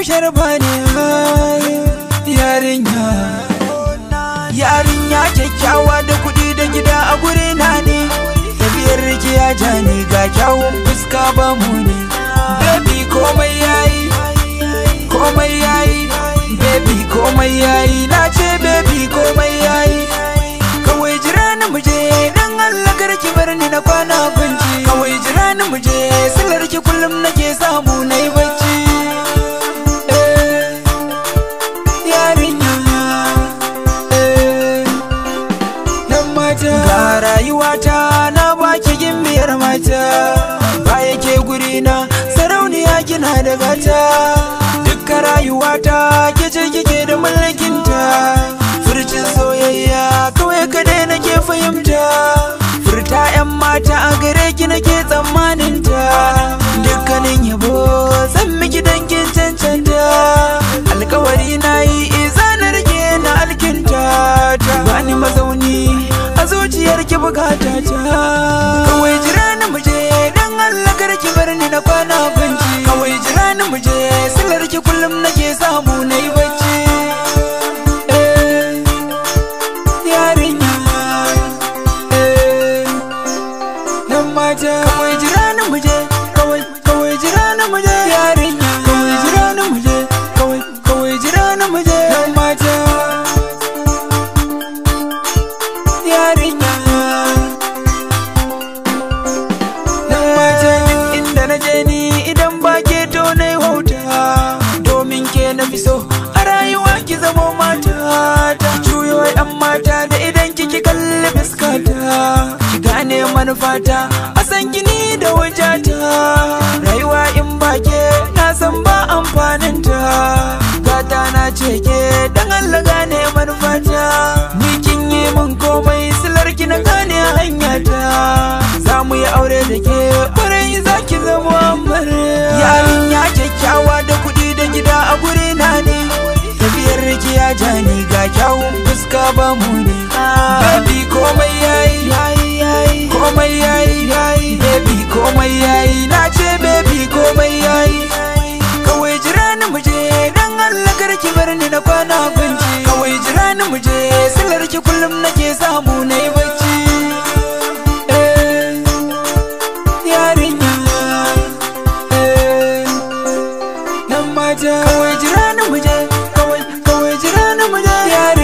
yaushe ba ne yarinya yarinya kyakkyawa da kuɗi da gida a guri na ne tafiyar ya ja ne ga kyawun fuska ba mu ne baby komai yayi komai yayi baby komai yayi na ce baby komai yayi kawai jira ni mu je dan Allah kar ki bar ni na kwana kunci kawai jira ni mu je sallar kullum nake samu uwata na baki gimbiyar mata Ba yake guri na sarauniya gina da gata ki bukata ta kawai jira ni muje dan Allah ki bar ni na kwana banci kawai jira ni muje silar ki kullum nake samu nayi bacci eh yarinya eh nan mata manufata a san gini da wajata rayuwa in bake na san ba amfaninta gata na ceke ke dan Allah gane manufata ni kin yi min komai silarki na gane hanyata za mu yi aure da ke kwarai za ki zama amarya ya kyakkyawa da kuɗi da gida a guri na ne tafiyar rikiya jani ga kyawun fuska ba mu ne babi komai yayi komai yayi baby komai yayi na ce baby komai yayi kawai jira ni mu je dan Allah ki bar ni na kwana gunji kawai jira ni mu je silar kullum nake samu nayi bacci eh yarinya eh nan ma kawai jira ni mu je kawai kawai jira ni mu je